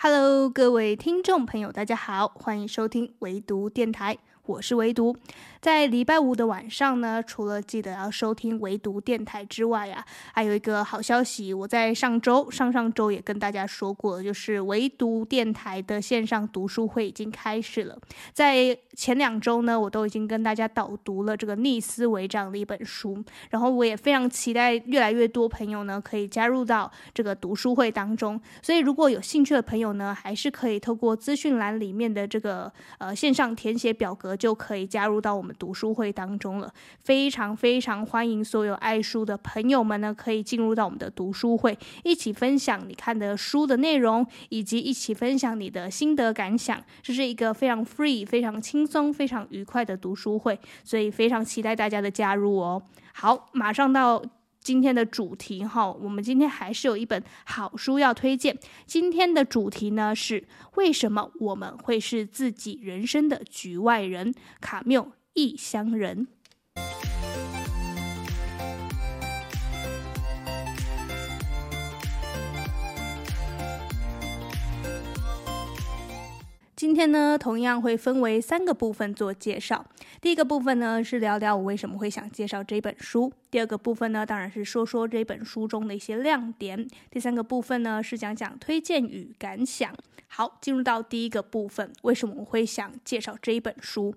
Hello，各位聽眾朋友，大家好，歡迎收聽唯讀電台。我是唯獨，在禮拜五的晚上呢，除了記得要收聽唯獨電台之外呀，還有一個好消息。我在上周、上上周也跟大家說過，就是唯獨電台的線上讀書會已經開始了。在前兩周呢，我都已經跟大家導讀了這個《逆思維》這樣的一本書。然後，我也非常期待越來越多朋友呢可以加入到這個讀書會當中。所以，如果有興趣的朋友呢，還是可以透過資訊欄裡面的這個呃線上填寫表格。就可以加入到我們讀書會當中了，非常非常歡迎所有愛書的朋友們呢，可以進入到我們的讀書會，一起分享你看的書的內容，以及一起分享你的心得感想。這是一個非常 free、非常輕鬆、非常愉快的讀書會，所以非常期待大家的加入哦。好，馬上到。今天的主題哈，我們今天還是有一本好書要推薦。今天的主題呢是為什麼我們會是自己人生的局外人？卡繆《異鄉人》。今天呢，同樣會分為三個部分做介紹。第一個部分呢，是聊聊我為什麼會想介紹這本書。第二個部分呢，當然是說說這本書中的一些亮點。第三個部分呢，是講講推薦與感想。好，進入到第一個部分，為什麼我會想介紹這一本書？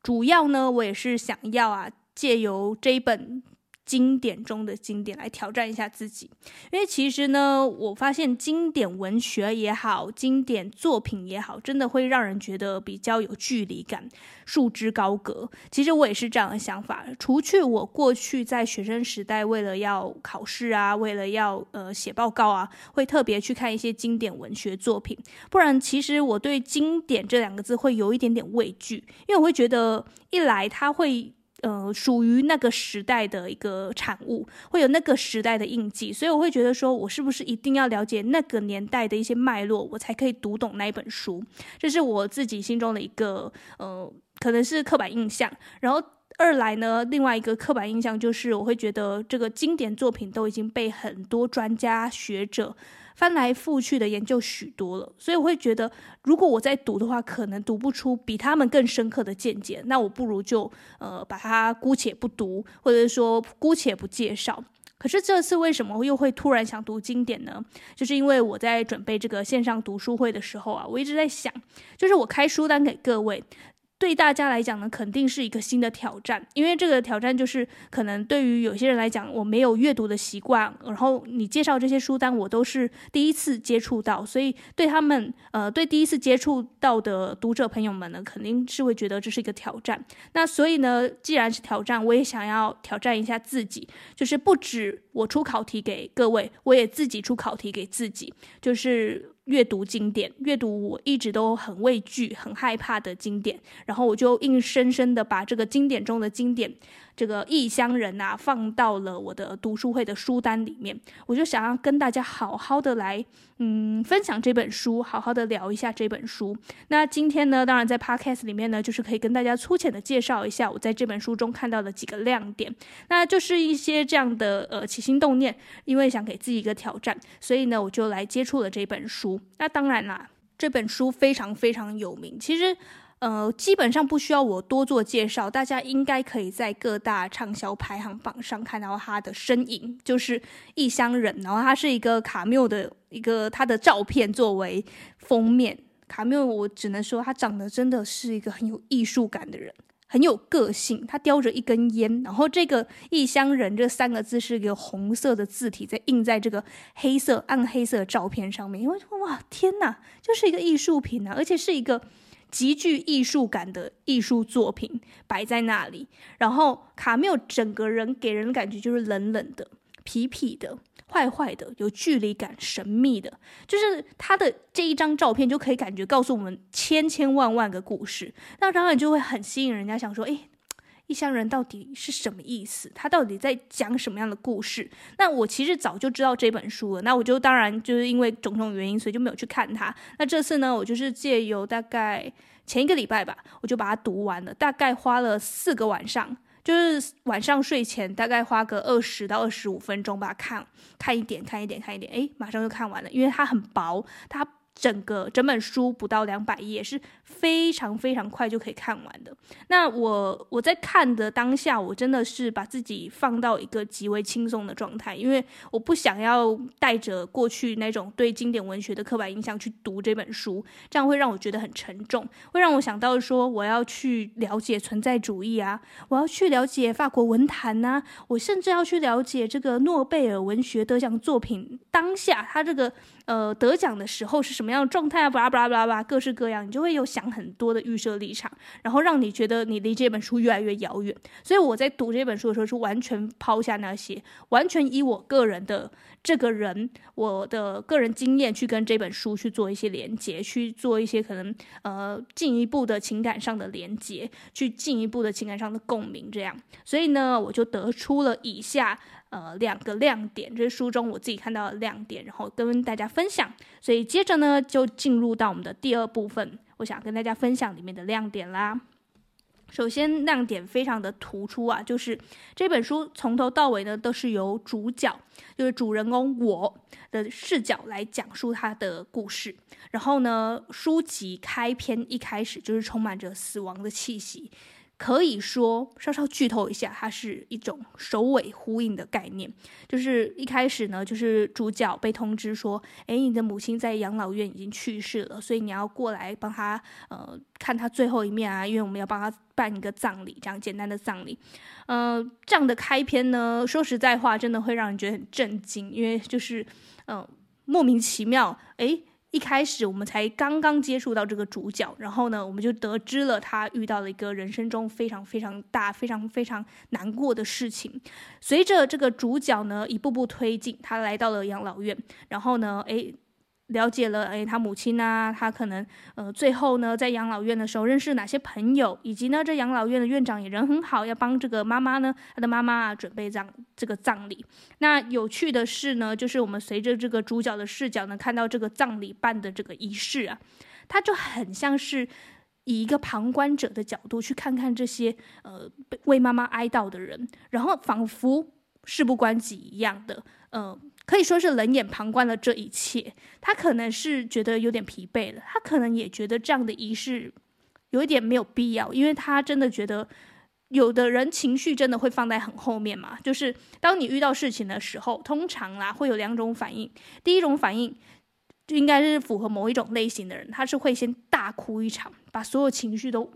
主要呢，我也是想要啊，借由這一本。經典中的經典，來挑戰一下自己，因為其實呢，我發現經典文學也好，經典作品也好，真的會讓人覺得比較有距離感，束之高閣。其實我也是這樣的想法，除去我過去在學生時代為了要考試啊，為了要呃寫報告啊，會特別去看一些經典文學作品，不然其實我對經典這兩個字會有一點點畏懼，因為我會覺得一來他會。呃，屬於那個時代的一個產物，會有那個時代的印記，所以我會覺得說，我是不是一定要了解那個年代的一些脈絡，我才可以讀懂那一本書？這是我自己心中的一個呃，可能是刻板印象。然後二來呢，另外一個刻板印象就是，我會覺得這個經典作品都已經被很多專家學者。翻來覆去的研究許多了，所以我會覺得，如果我在讀的話，可能讀不出比他們更深刻的見解，那我不如就呃把它姑且不讀，或者說姑且不介紹。可是這次為什麼又會突然想讀經典呢？就是因為我在準備這個線上讀書會的時候啊，我一直在想，就是我開書單給各位，對大家來講呢，肯定是一個新的挑戰，因為這個挑戰就是可能對於有些人來講，我沒有閱讀的習慣，然後你介紹這些書單，我都是第一次接觸到，所以對他們，呃，對第一次接觸到的讀者朋友們呢，肯定是會覺得這是一個挑戰。那所以呢，既然是挑戰，我也想要挑戰一下自己，就是不止我出考題給各位，我也自己出考題給自己，就是。閱讀經典，閱讀我一直都很畏懼、很害怕的經典，然後我就硬生生的把這個經典中的經典。這個異鄉人啊，放到了我的讀書會的書單裡面，我就想要跟大家好好的來，嗯，分享這本書，好好的聊一下這本書。那今天呢，當然在 Podcast 裡面呢，就是可以跟大家粗淺的介紹一下我在這本書中看到的幾個亮點，那就是一些這樣的呃起心動念，因為想給自己一個挑戰，所以呢我就來接觸了這本書。那當然啦啊，這本書非常非常有名，其實。呃，基本上不需要我多做介紹，大家應該可以在各大暢銷排行榜上看到他的身影，就是《異鄉人》。然後他是一個卡繆的一個他的照片作為封面。卡繆，我只能說他長得真的是一個很有藝術感的人，很有個性。他叼着一根煙，然後這個“異鄉人”這三個字是一個紅色的字體在印在這個黑色、暗黑色的照片上面。因為哇，天哪，就是一個藝術品啊，而且是一個。極具藝術感的藝術作品擺在那裡，然後卡繆整個人給人的感覺就是冷冷的、痞痞的、壞壞的，有距離感、神秘的，就是他的這一張照片就可以感覺告訴我們千千萬萬個故事，那當然就會很吸引人家想說，誒。異鄉人到底是什麼意思？他到底在講什麼樣的故事？那我其實早就知道這本書了，那我就當然就是因為種種原因，所以就沒有去看它。那這次呢，我就是借由大概前一個禮拜吧，我就把它讀完了，大概花了四個晚上，就是晚上睡前大概花個二十到二十五分鐘吧，看看一點，看一點，看一點，誒，馬上就看完了，因為它很薄，它。整個整本書不到兩百頁，是非常非常快就可以看完的。那我我在看的當下，我真的是把自己放到一個極為輕鬆的狀態，因為我不想要帶着過去那種對經典文學的刻板印象去讀這本書，這樣會讓我覺得很沉重，會讓我想到說我要去了解存在主義啊，我要去了解法國文壇吶啊，我甚至要去了解這個諾貝爾文學得獎作品當下他這個呃得獎的時候是什麼。怎麼樣的狀態啊，巴拉巴拉巴拉各式各樣，你就會有想很多的預設立場，然後讓你覺得你離這本書越來越遙遠。所以我在讀這本書的時候，是完全拋下那些，完全以我個人的這個人，我的個人經驗去跟這本書去做一些連接，去做一些可能呃進一步的情感上的連接，去進一步的情感上的共鳴。這樣，所以呢，我就得出了以下。呃，兩個亮點，這是書中我自己看到的亮點，然後跟大家分享。所以接着呢，就進入到我們的第二部分，我想跟大家分享裡面的亮點啦。首先，亮點非常的突出啊，就是這本書從頭到尾呢都是由主角，就是主人公我的視角來講述他的故事。然後呢，書籍開篇一開始就是充滿着死亡的氣息。可以說，稍稍劇透一下，它是一種首尾呼應的概念。就是一開始呢，就是主角被通知說：“哎，你的母親在養老院已經去世了，所以你要過來幫她，呃，看她最後一面啊，因為我們要幫她辦一個葬禮，這樣簡單的葬禮。”呃，這樣的開篇呢，說實在話，真的會讓人覺得很震驚，因為就是，嗯、呃，莫名其妙，哎。一開始我們才剛剛接觸到這個主角，然後呢，我們就得知了他遇到了一個人生中非常非常大、非常非常難過的事情。隨着這個主角呢一步步推進，他來到了養老院，然後呢，誒。了解了，哎，他母親呢、啊？他可能，呃，最後呢，在養老院的時候認識哪些朋友？以及呢，這養老院的院長也人很好，要幫這個媽媽呢，他的媽媽啊，準備這樣這個葬禮。那有趣的是呢，就是我們隨着這個主角的視角呢，看到這個葬禮辦的這個儀式啊，他就很像是以一個旁觀者的角度去看看這些，呃，為媽媽哀悼的人，然後仿佛事不關己一樣的，呃。可以說是冷眼旁觀了這一切，他可能是覺得有點疲憊了，他可能也覺得這樣的儀式有一點沒有必要，因為他真的覺得有的人情緒真的會放在很後面嘛，就是當你遇到事情的時候，通常啦、啊、會有兩種反應，第一種反應就應該是符合某一種類型的人，他是會先大哭一場，把所有情緒都。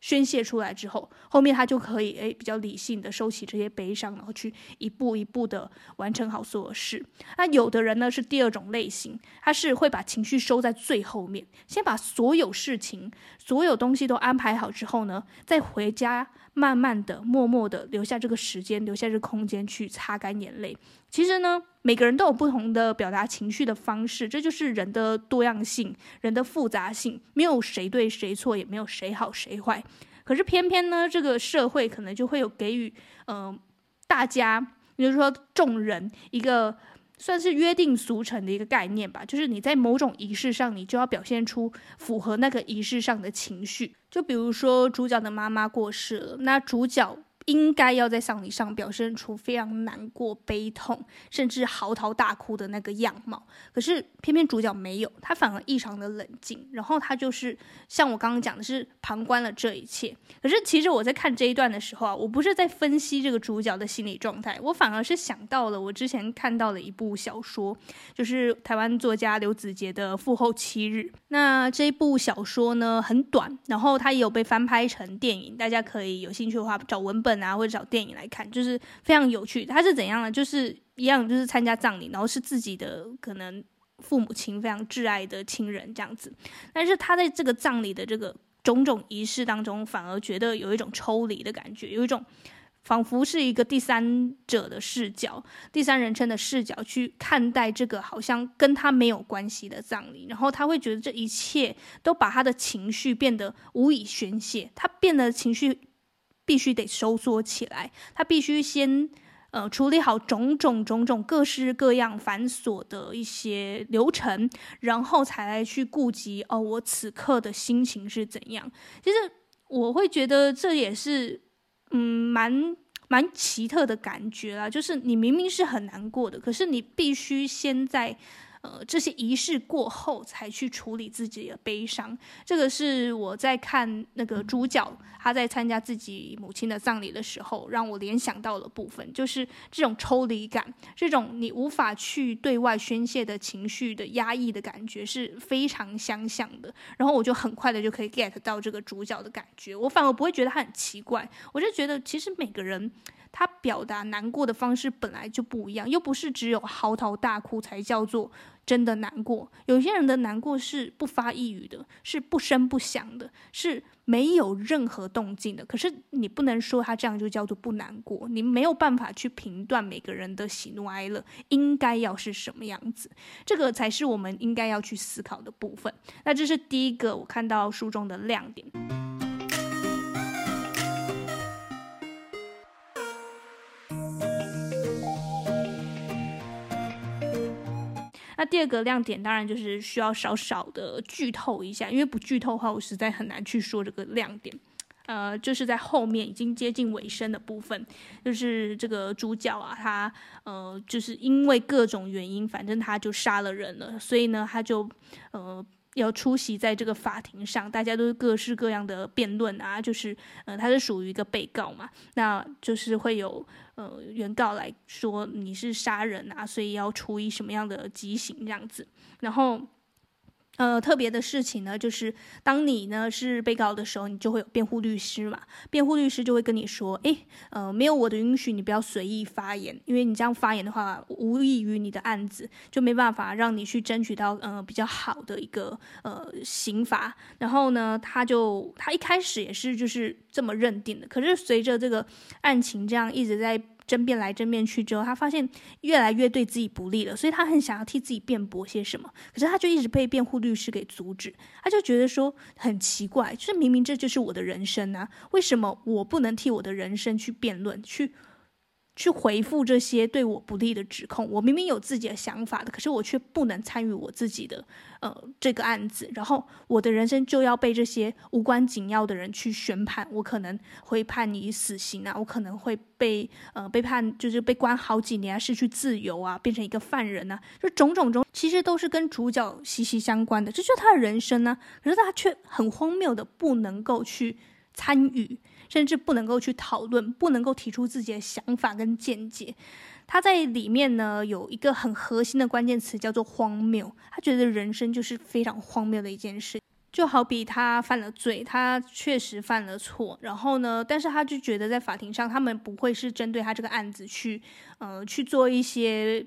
宣洩出來之後，後面他就可以誒比較理性的收起這些悲傷，然後去一步一步的完成好所有事。那有的人呢是第二種類型，他是會把情緒收在最後面，先把所有事情、所有東西都安排好之後呢，再回家。慢慢的，默默的留下這個時間，留下這個空間去擦乾眼淚。其實呢，每個人都有不同的表達情緒的方式，這就是人的多樣性，人的複雜性。沒有誰對誰錯，也沒有誰好誰壞。可是偏偏呢，這個社會可能就會有給予，嗯、呃，大家，比如說眾人一個。算是約定俗成的一個概念吧，就是你在某種儀式上，你就要表現出符合那個儀式上的情緒。就比如說，主角的媽媽過世了，那主角。應該要在喪禮上表現出非常難過、悲痛，甚至嚎啕大哭的那個樣貌。可是偏偏主角沒有，他反而異常的冷靜。然後他就是像我剛剛講的，是旁觀了這一切。可是其實我在看這一段的時候啊，我不是在分析這個主角的心理狀態，我反而是想到了我之前看到了一部小說，就是台灣作家劉梓潔的《父後七日》。那這一部小說呢很短，然後它也有被翻拍成電影，大家可以有興趣的話找文本。然後會找電影來看，就是非常有趣。他是怎樣呢？就是一樣，就是參加葬禮，然後是自己的可能父母親非常摯愛的親人這樣子。但是他在這個葬禮的這個種種儀式當中，反而覺得有一種抽離的感覺，有一種仿佛是一個第三者的視角、第三人稱的視角去看待這個好像跟他沒有關係的葬禮。然後他會覺得這一切都把他的情緒變得無以宣泄，他變得情緒。必須得收縮起來，他必須先，呃，處理好種種種種各式各樣繁瑣的一些流程，然後才來去顧及哦，我此刻的心情是怎樣？其實我會覺得這也是，嗯，蠻蠻奇特的感覺啦，就是你明明是很難過的，可是你必須先在。呃，這些儀式過後才去處理自己的悲傷，這個是我在看那個主角他在參加自己母親的葬禮的時候，讓我聯想到的部分，就是這種抽離感，這種你無法去對外宣洩的情緒的壓抑的感覺是非常相像的。然後我就很快的就可以 get 到這個主角的感覺，我反而不會覺得他很奇怪，我就覺得其實每個人他表達難過的方式本來就不一樣，又不是只有嚎啕大哭才叫做。真的難過，有些人的難過是不發一語的，是不聲不響的，是沒有任何動靜的。可是你不能說他這樣就叫做不難過，你沒有辦法去評斷每個人的喜怒哀樂應該要是什麼樣子，這個才是我們應該要去思考的部分。那這是第一個我看到書中的亮點。那第二個亮點當然就是需要少少的劇透一下，因為不劇透的話，我實在很難去說這個亮點。呃，就是在後面已經接近尾聲的部分，就是這個主角啊，他呃，就是因為各種原因，反正他就殺了人了，所以呢，他就呃。要出席在這個法庭上，大家都各式各樣的辯論啊，就是，呃，他是屬於一個被告嘛，那就是會有呃原告來說你是殺人啊，所以要處以什麼樣的極刑這樣子，然後。呃，特別的事情呢，就是當你呢是被告的時候，你就會有辯護律師嘛，辯護律師就會跟你說，哎，呃，沒有我的允許，你不要隨意發言，因為你這樣發言的話，無異於你的案子就沒辦法讓你去爭取到呃比較好的一個呃刑罰。然後呢，他就他一開始也是就是這麼認定的，可是隨着這個案情這樣一直在。爭辯來爭辯去之後，他發現越來越對自己不利了，所以他很想要替自己辯駁些什麼。可是他就一直被辯護律師給阻止。他就覺得說很奇怪，就是明明這就是我的人生啊，為什麼我不能替我的人生去辯論、去去回復這些對我不利的指控？我明明有自己的想法的，可是我卻不能參與我自己的。呃，這個案子，然後我的人生就要被這些無關緊要的人去宣判，我可能會判你死刑啊，我可能會被呃被判，就是被關好幾年，失去自由啊，變成一個犯人啊，這種種種，其實都是跟主角息息相關的，這就是他的人生呢、啊。可是他卻很荒謬的不能夠去參與，甚至不能夠去討論，不能夠提出自己的想法跟見解。他在裡面呢，有一個很核心的關鍵詞叫做荒謬，他覺得人生就是非常荒謬的一件事，就好比他犯了罪，他確實犯了錯，然後呢，但是他就覺得在法庭上，他們不會是針對他這個案子去，呃，去做一些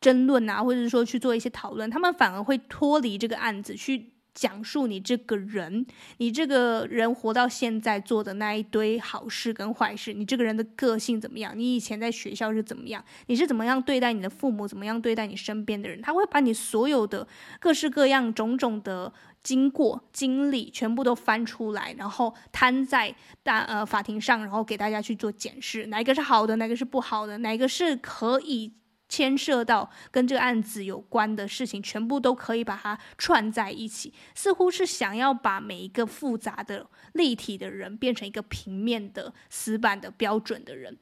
爭論啊，或者是說去做一些討論，他們反而會脫離這個案子去。講述你這個人，你這個人活到現在做的那一堆好事跟壞事，你這個人的個性怎麼樣？你以前在學校是怎麼樣？你是怎麼樣對待你的父母？怎麼樣對待你身邊的人？他會把你所有的各式各樣、種種的經過、經歷全部都翻出來，然後攤在大呃法庭上，然後給大家去做檢視，哪一個是好的，哪個是不好的，哪一個是可以。牽涉到跟這個案子有關的事情，全部都可以把它串在一起，似乎是想要把每一個複雜的立體的人變成一個平面的死板的標準的人。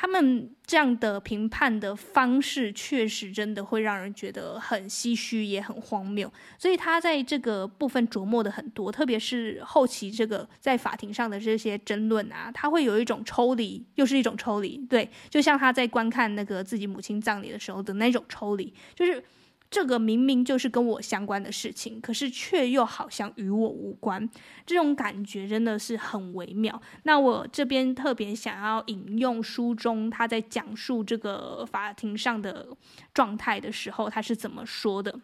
他們這樣的評判的方式，確實真的會讓人覺得很唏噓，也很荒謬。所以他在這個部分琢磨的很多，特別是後期這個在法庭上的這些爭論啊，他會有一種抽離，又是一種抽離。對，就像他在觀看那個自己母親葬禮的時候的那種抽離，就是。這個明明就是跟我相關的事情，可是卻又好像與我無關，這種感覺真的是很微妙。那我這邊特別想要引用書中他在講述這個法庭上的狀態的時候，他是怎麼說的？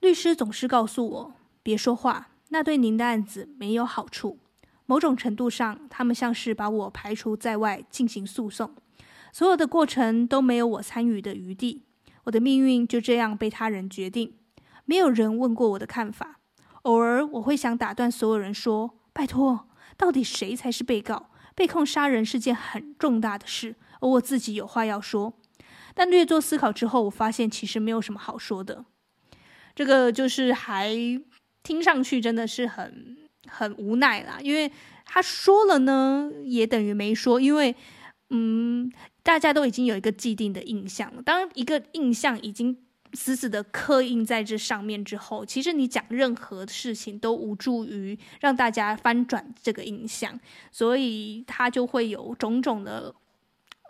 律師總是告訴我別說話，那對您的案子沒有好處。某種程度上，他們像是把我排除在外進行訴訟，所有的過程都沒有我參與的餘地。我的命運就這樣被他人決定，沒有人問過我的看法。偶爾我會想打斷所有人說：“拜託，到底誰才是被告？被控殺人是件很重大的事，而我自己有話要說。”但略作思考之後，我發現其實沒有什麼好說的。這個就是還聽上去真的是很很無奈啦，因為他說了呢，也等於沒說，因為，嗯。大家都已經有一個既定的印象了。當一個印象已經死死的刻印在這上面之後，其實你講任何事情都無助於讓大家翻轉這個印象，所以它就會有種種的。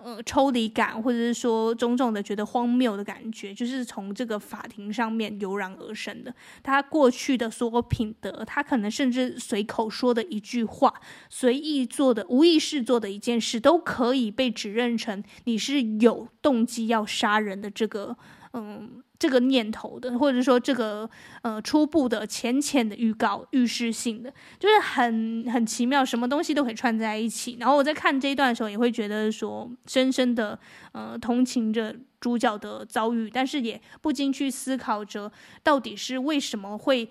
呃，抽離感，或者是說種種的覺得荒謬的感覺，就是從這個法庭上面油然而生的。他過去的所有品德，他可能甚至隨口說的一句話，隨意做的、無意識做的一件事，都可以被指認成你是有動機要殺人的這個。嗯，這個念頭的，或者說這個呃初步的、淺淺的預告、預示性的，就是很很奇妙，什麼東西都可以串在一起。然後我在看這一段的時候，也會覺得說，深深的呃同情着主角的遭遇，但是也不禁去思考着，到底是為什麼會。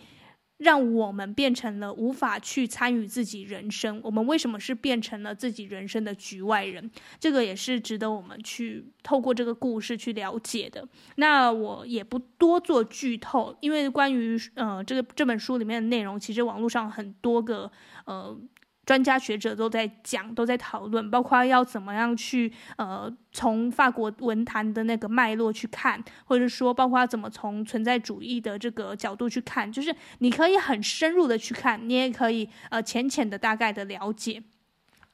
讓我們變成了無法去參與自己人生，我們為什麼是變成了自己人生的局外人？這個也是值得我們去透過這個故事去了解的。那我也不多做劇透，因為關於呃這個這本書裡面的內容，其實網絡上很多個呃。專家學者都在講，都在討論，包括要怎麼樣去，呃，從法國文壇的那個脈絡去看，或者說，包括要怎麼從存在主義的這個角度去看，就是你可以很深入的去看，你也可以呃淺淺的大概的了解。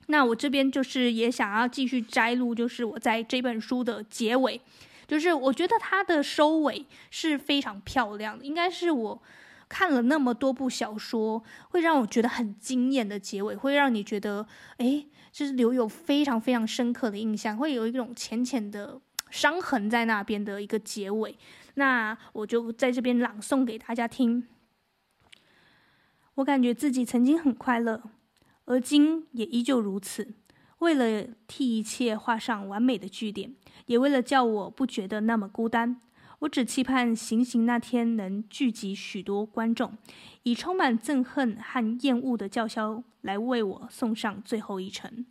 那我這邊就是也想要繼續摘錄，就是我在這本書的結尾，就是我覺得它的收尾是非常漂亮的，應該是我。看了那麼多部小說，會讓我覺得很驚艷的結尾，會讓你覺得，哎，就是留有非常非常深刻的印象，會有一種淺淺的傷痕在那邊的一個結尾。那我就在這邊朗誦給大家聽。我感覺自己曾經很快樂，而今也依舊如此。為了替一切畫上完美的句點，也為了叫我不覺得那麼孤單。我只期盼行刑那天能聚集許多觀眾，以充滿憎恨和厭惡的叫囂來為我送上最後一程。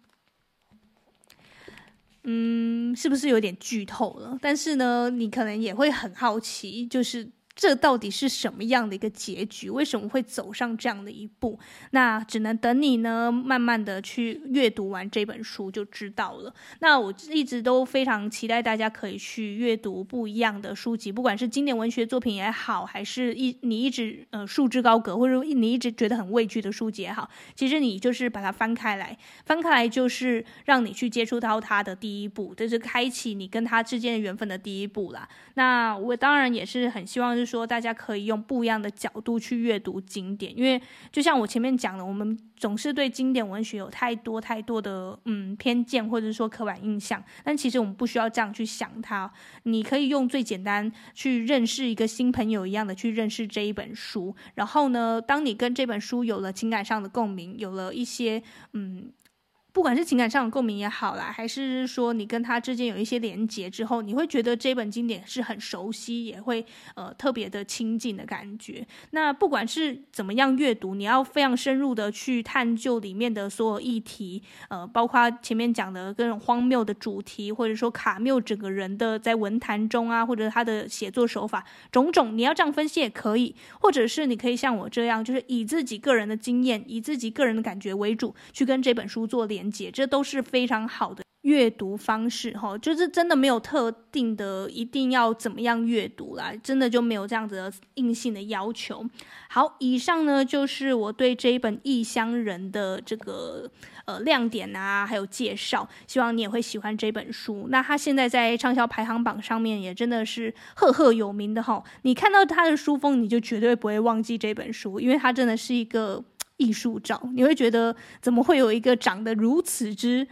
嗯，是不是有點劇透了？但是呢，你可能也會很好奇，就是。這到底是什麼樣的一個結局？為什麼會走上這樣的一步？那只能等你呢，慢慢的去閱讀完這本書就知道了。那我一直都非常期待大家可以去閱讀不一樣的書籍，不管是經典文學作品也好，還是一你一直呃束之高閣，或者你一直覺得很畏懼的書籍也好，其實你就是把它翻開來，翻開來就是讓你去接觸到它的第一步，這、就是開啟你跟他之間的緣分的第一步啦。那我當然也是很希望、就是說大家可以用不一樣的角度去閱讀經典，因為就像我前面講的，我們總是對經典文學有太多太多的嗯偏見，或者說刻板印象。但其實我們不需要這樣去想它，你可以用最簡單去認識一個新朋友一樣的去認識這一本書。然後呢，當你跟這本書有了情感上的共鳴，有了一些嗯。不管是情感上的共鳴也好啦，還是說你跟他之間有一些連接之後，你會覺得這本經典是很熟悉，也會呃特別的親近的感覺。那不管是怎麼樣閱讀，你要非常深入的去探究裡面的所有議題，呃，包括前面講的各種荒謬的主題，或者說卡繆整個人的在文壇中啊，或者他的寫作手法種種，你要這樣分析也可以，或者是你可以像我這樣，就是以自己個人的經驗，以自己個人的感覺為主，去跟這本書做連接。解，這都是非常好的閱讀方式，吼，就是真的沒有特定的一定要怎麼樣閱讀啦，真的就沒有這樣子的硬性的要求。好，以上呢就是我對這一本《異鄉人》的這個呃亮點啊，還有介紹，希望你也會喜歡這本書。那他現在在暢銷排行榜上面也真的是赫赫有名的哈，你看到他的書封，你就絕對不會忘記這本書，因為它真的是一個。藝術照，你會覺得怎麼會有一個長得如此之，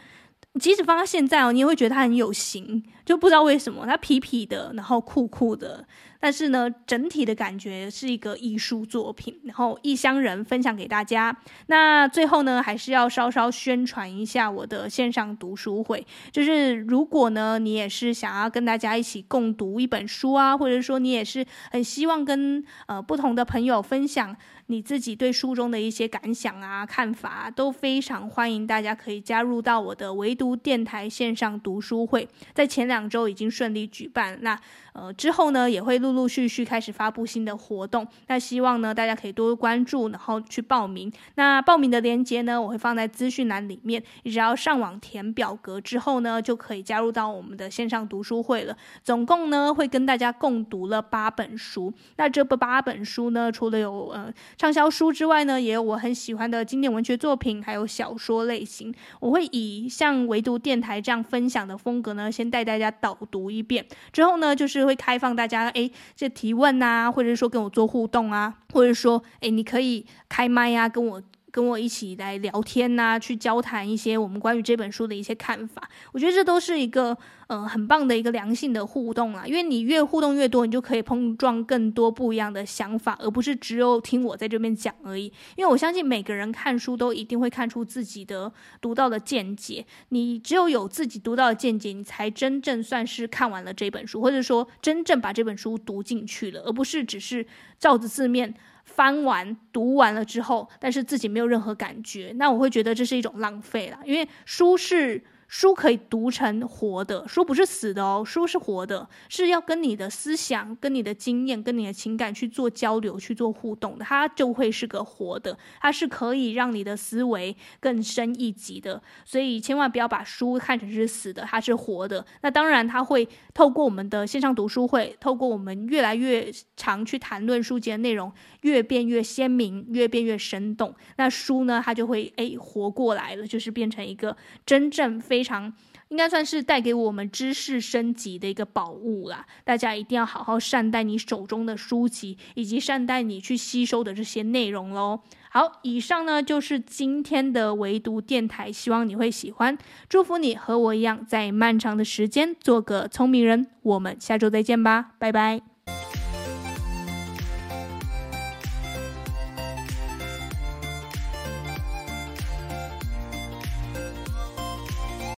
即使放到現在哦，你也會覺得他很有型，就不知道為什麼，他痞痞的，然後酷酷的。但是呢，整體的感覺是一個藝術作品，然後異鄉人分享給大家。那最後呢，還是要稍稍宣傳一下我的線上讀書會。就是如果呢，你也是想要跟大家一起共讀一本書啊，或者說你也是很希望跟呃不同的朋友分享你自己對書中的一些感想啊、看法、啊，都非常歡迎大家可以加入到我的唯讀電台線上讀書會。在前兩周已經順利舉辦，那呃之後呢，也會錄。陸陸續續開始發布新的活動，那希望呢，大家可以多關注，然後去報名。那報名的鏈接呢，我會放在資訊欄裡面。你只要上網填表格之後呢，就可以加入到我們的線上讀書會了。總共呢，會跟大家共讀了八本書。那這八本書呢，除了有呃暢銷書之外呢，也有我很喜歡的經典文學作品，還有小說類型。我會以像唯讀電台這樣分享的風格呢，先帶大家導讀一遍，之後呢就是會開放大家哎。誒這提問啊，或者說跟我做互動啊，或者說，哎，你可以開麥呀，跟我。跟我一起來聊天吶、啊，去交談一些我們關於這本書的一些看法。我覺得這都是一個嗯、呃，很棒的一個良性的互動啊。因為你越互動越多，你就可以碰撞更多不一樣的想法，而不是只有聽我在這邊講而已。因為我相信每個人看書都一定會看出自己的獨到的見解，你只有有自己獨到的見解，你才真正算是看完了這本書，或者說真正把這本書讀進去了，而不是只是照着字面。翻完讀完了之後，但是自己沒有任何感覺，那我會覺得這是一種浪費啦，因為書是。書可以讀成活的，書不是死的哦，書是活的，是要跟你的思想、跟你的經驗、跟你的情感去做交流、去做互動的，它就會是個活的，它是可以讓你的思維更深一級的，所以千萬不要把書看成是死的，它是活的。那當然，它會透過我們的線上讀書會，透過我們越來越常去談論書籍的內容，越變越鮮明，越變越生動。那書呢，它就會誒活過來了，就是變成一個真正非。非常應該算是帶給我們知識升級的一個寶物了，大家一定要好好善待你手中的書籍，以及善待你去吸收的這些內容嘍。好，以上呢就是今天的唯讀電台，希望你會喜歡，祝福你和我一樣，在漫長的時間做個聰明人。我們下周再見吧，拜拜。